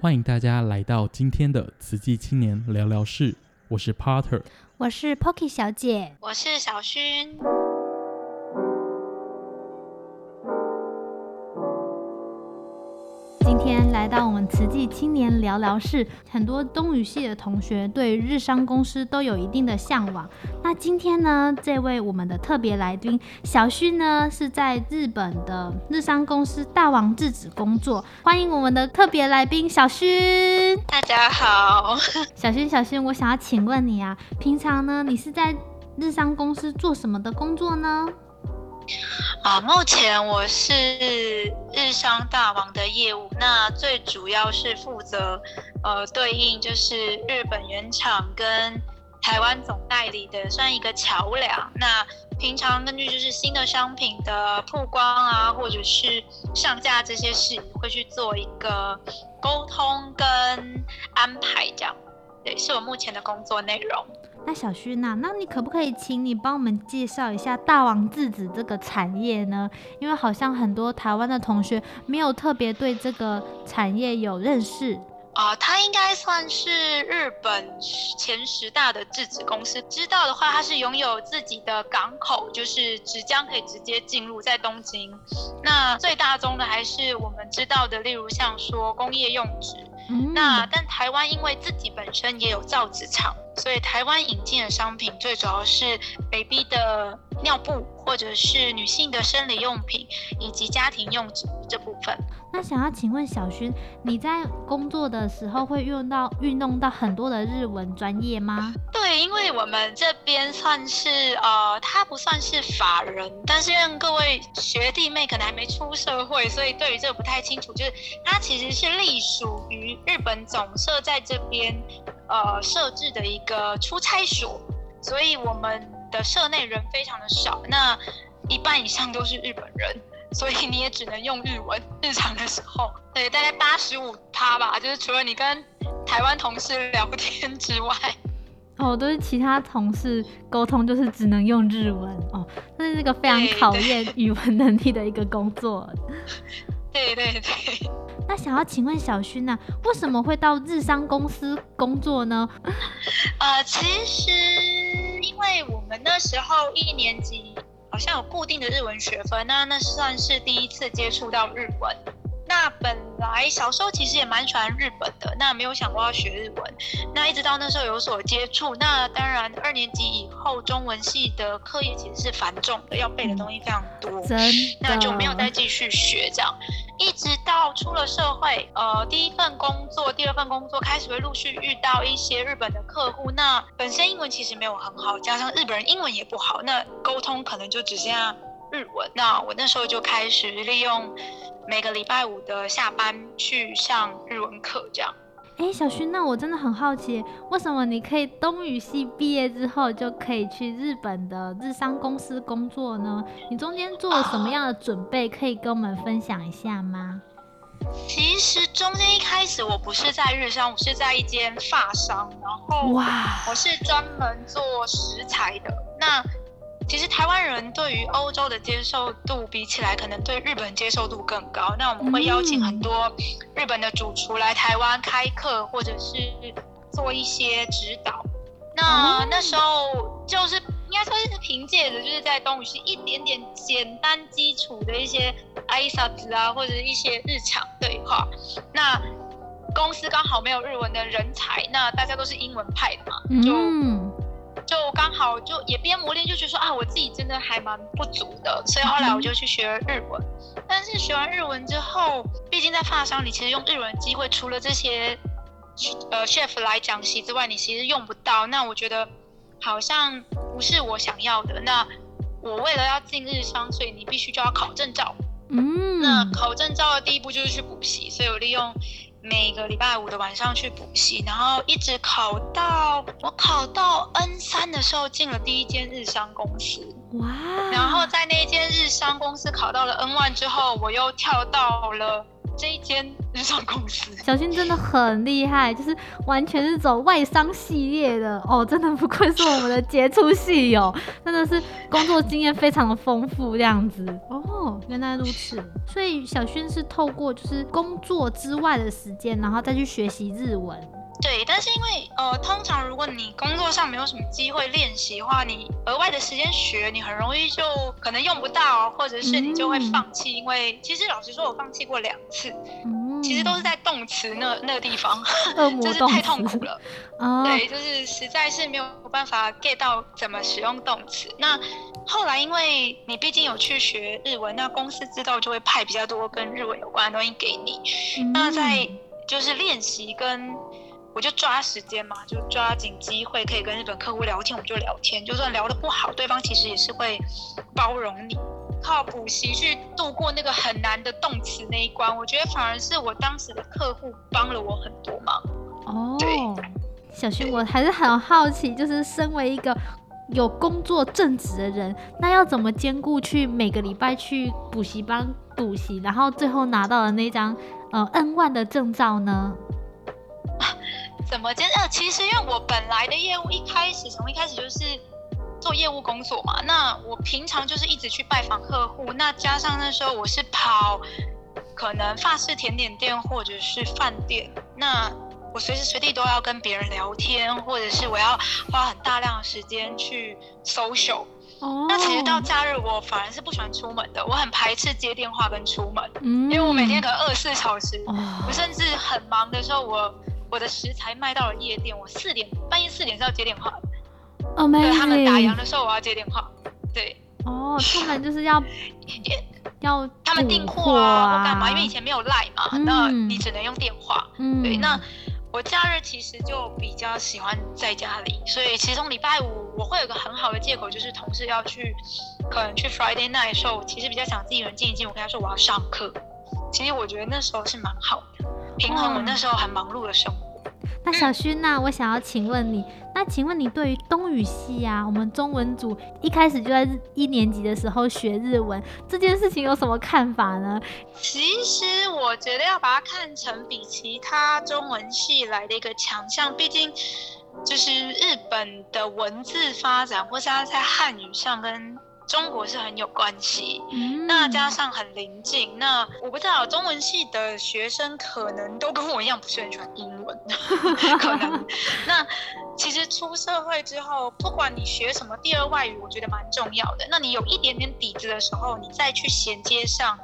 歡迎大家來到今天的《瓷器青年聊聊室》，我是 Potter，我是 Pocky 小姐，我是小薰。今天來到我們慈濟青年聊聊室，很多東語系的同學對日商公司都有一定的嚮往。那今天呢，這位我們的特別來賓小薰呢，是在日本的日商公司大王製紙工作。歡迎我們的特別來賓小薰。大家好，小薰，小薰，我想要請問你啊，平常呢，你是在日商公司做什麼的工作呢？啊，目前我是日商大王的業務，那最主要是負責，呃，對應就是日本原廠跟台灣總代理的，算一個橋梁。那平常根據就是新的商品的曝光啊，或者是上架這些事，會去做一個溝通跟安排這樣。對，是我目前的工作內容。那小薰，啊，那你可不可以請你幫我們介紹一下大王製紙這個產業呢？因為好像很多台灣的同學沒有特別對這個產業有認識。啊、呃，它應該算是日本前十大的製紙公司。知道的話，它是擁有自己的港口，就是紙漿可以直接進入在東京。那最大宗的還是我們知道的，例如像說工業用紙。 那但台灣因為自己本身也有造紙廠，所以台灣引進的商品最主要是 baby 的尿布。或者是女性的生理用品以及家庭用紙這部分。那想要請問小薰，你在工作的時候會用到運用到很多的日文專業嗎？對，因為我們這邊算是呃，它不算是法人，但是因為各位學弟妹可能還沒出社會，所以對於這個不太清楚。就是它其實是隸屬於日本總社在這邊呃設置的一個出差所，所以我們。的社內人非常的少，那一半以上都是日本人，所以你也只能用日文。日常的時候，對，大概八十五趴吧，就是除了你跟台灣同事聊天之外，哦，都是其他同事溝通，就是只能用日文哦。這是一個非常考驗語文能力的一個工作。對對對。對對對，那想要請問小薰吶、啊，為什麼會到日商公司工作呢？呃，其實。因為我們那時候一年級好像有固定的日文學分，那那算是第一次接觸到日文。那本來小時候其實也蠻喜歡日本的，那沒有想過要學日文。那一直到那時候有所接觸，那當然二年級以後中文系的課業其實是繁重的，要背的東西非常多，那就沒有再繼續學這樣。一直到出了社會，呃，第一份工作，第二份工作開始會陸續遇到一些日本的客戶。那本身英文其實沒有很好，加上日本人英文也不好，那溝通可能就只剩下日文。那我那時候就開始利用每個禮拜五的下班去上日文課，這樣。哎，小薰，那我真的很好奇，為什麼你可以東語系畢業之後就可以去日本的日商公司工作呢？你中間做了什麼樣的準備，啊、可以跟我們分享一下嗎？其實中間一開始我不是在日商，我是在一間發商，然後哇，我是專門做食材的。那其實台灣人對於歐洲的接受度比起來，可能對日本接受度更高。那我們會邀請很多日本的主廚來台灣開課，或者是做一些指導。那、嗯、那時候就是應該說是憑借着就是在東西一點點簡單基礎的一些挨拶啊，或者是一些日常對話。那公司剛好沒有日文的人才，那大家都是英文派的嘛，就。嗯我剛好就也邊磨練，就覺得說，啊，我自己真的還蠻不足的，所以後來我就去學日文。但是學完日文之後，畢竟在法商你其實用日文機會除了這些，呃，chef 來講習之外，你其實用不到。那我覺得好像不是我想要的。那我為了要進日商，所以你必須就要考證照。嗯，那考證照的第一步就是去補習，所以我利用。每個禮拜五的晚上去補習，然後一直考到我考到 N3 的時候，進了第一間日商公司。哇！Wow. 然後在那間日商公司考到了 N1 之後，我又跳到了。這一間日商公司。小薰真的很厲害，就是完全是走外商系列的哦，真的不愧是我們的傑出系友，真的是工作經驗非常的豐富這樣子哦。原來如此，所以小薰是透過就是工作之外的時間，然後再去學習日文。對，但是因為呃，通常如果你工作上沒有什麼機會練習的話，你額外的時間學，你很容易就可能用不到，或者是你就會放棄。嗯、因為其實老實說，我放棄過兩次，嗯、其實都是在動詞那那個地方呵呵，就是太痛苦了。哦、對，就是實在是沒有辦法 get 到怎麼使用動詞。那後來因為你畢竟有去學日文，那公司知道就會派比較多跟日文有關的東西給你。嗯、那在就是練習跟我就抓時間嘛，就抓緊機會可以跟日本客戶聊天，我們就聊天。就算聊得不好，對方其實也是會包容你，靠補習去度過那個很難的動詞那一關。我覺得反而是我當時的客戶幫了我很多忙。哦，對，小薰，我還是很好奇，就是身為一個有工作正職的人，那要怎麼兼顧去每個禮拜去補習班補習，然後最後拿到了那張呃 N1 的證照呢？啊怎麼接？呃，其實因為我本來的業務一開始從一開始就是做業務工作嘛，那我平常就是一直去拜訪客戶，那加上那時候我是跑可能法式甜點店或者是飯店，那我隨時隨地都要跟別人聊天，或者是我要花很大量的時間去 social。Oh. 那其實到假日我反而是不喜歡出門的，我很排斥接電話跟出門，因為我每天可能二十四小時，我甚至很忙的時候我。我的食材賣到了夜店，我四點半夜四點是要接電話，對，oh, 他們打烊的時候我要接電話，對。哦，oh, 出門就是要 要他們訂貨啊或幹嘛，因為以前沒有賴嘛，嗯、那你只能用電話。嗯，對，那我假日其實就比較喜歡在家裡，嗯、所以其中禮拜五我會有個很好的借口，就是同事要去，可能去 Friday night 的時候，so, 其實比較想自己人靜一靜。我跟他說我要上課，其實我覺得那時候是蠻好的。平衡我那時候很忙碌的生活。嗯、那小薰吶、啊，嗯、我想要請問你，那請問你對於東語系啊，我們中文組一開始就在一年級的時候學日文這件事情有什麼看法呢？其實我覺得要把它看成比其他中文系來的一個強項，畢竟就是日本的文字發展，或是它在漢語上跟。中國是很有關係，嗯、那加上很鄰近，那我不知道中文系的學生可能都跟我一樣不是很喜歡英文， 可能。那其實出社會之後，不管你學什麼第二外語，我覺得蠻重要的。那你有一點點底子的時候，你再去銜接上。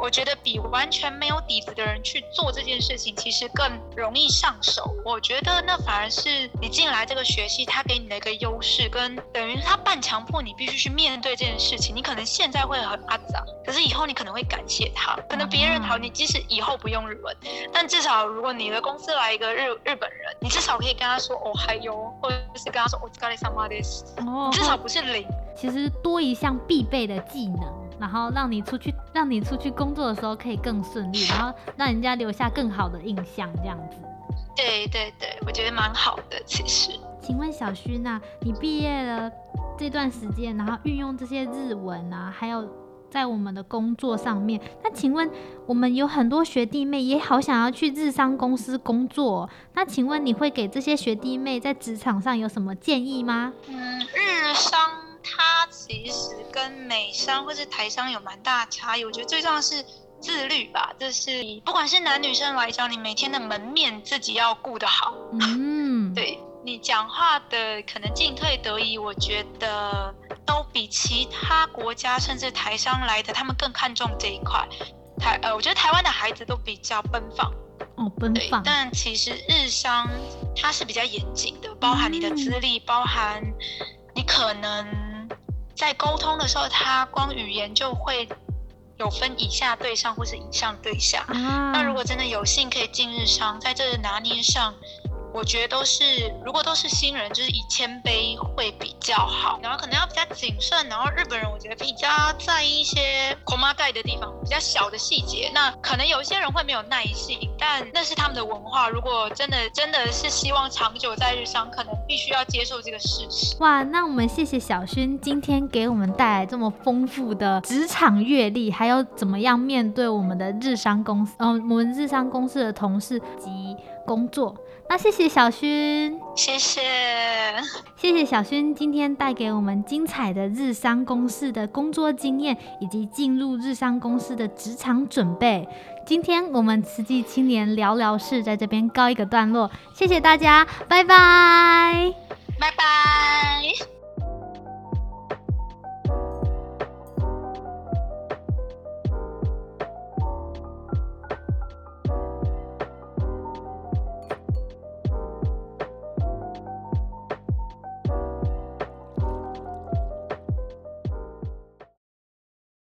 我覺得比完全沒有底子的人去做這件事情，其實更容易上手。我覺得那反而是你進來這個學習他給你的一個優勢，跟等於他半強迫你必須去面對這件事情。你可能現在會很阿雜，可是以後你可能會感謝他。可能別人好，你即使以後不用日文，但至少如果你的公司來一個日日本人，你至少可以跟他說哦嗨喲，或者是跟他說お疲れ様です，你至少不是零。其實多一項必備的技能，然後讓你出去，讓你出去工作的時候可以更順利，然後讓人家留下更好的印象，這樣子。對對對，我覺得蠻好的。其實，請問小薰啊，你畢業了這段時間，然後運用這些日文啊，還有在我們的工作上面，那請問我們有很多學弟妹也好想要去日商公司工作，那請問你會給這些學弟妹在職場上有什麼建議嗎？嗯，日商。其實跟美商或是台商有蠻大的差異，我覺得最重要是自律吧。就是不管是男女生來講，你每天的門面自己要顧得好。嗯， 對你講話的可能進退得宜，我覺得都比其他國家甚至台商來的他們更看重這一塊。台呃，我覺得台灣的孩子都比較奔放哦，奔放。但其實日商它是比較嚴謹的，包含你的資歷，嗯、包含你可能。在溝通的時候，他光語言就會有分以下對象或是以上對象。那如果真的有幸可以進日商，在這個拿捏上。我覺得都是，如果都是新人，就是以謙卑會比較好，然後可能要比較謹慎。然後日本人我覺得比較在意一些こまかい的地方，比較小的細節。那可能有一些人會沒有耐心，但那是他們的文化。如果真的真的是希望長久在日商，可能必須要接受這個事實。哇，那我們謝謝小薰今天給我們帶來這麼豐富的職場閱歷，還有怎麼樣面對我們的日商公司，嗯、呃，我們日商公司的同事及工作，那謝謝小薰，謝謝，謝謝小薰今天帶給我們精彩的日商公司的工作經驗，以及進入日商公司的職場準備。今天我們慈濟青年聊聊室在這邊告一個段落，謝謝大家，拜拜，拜拜。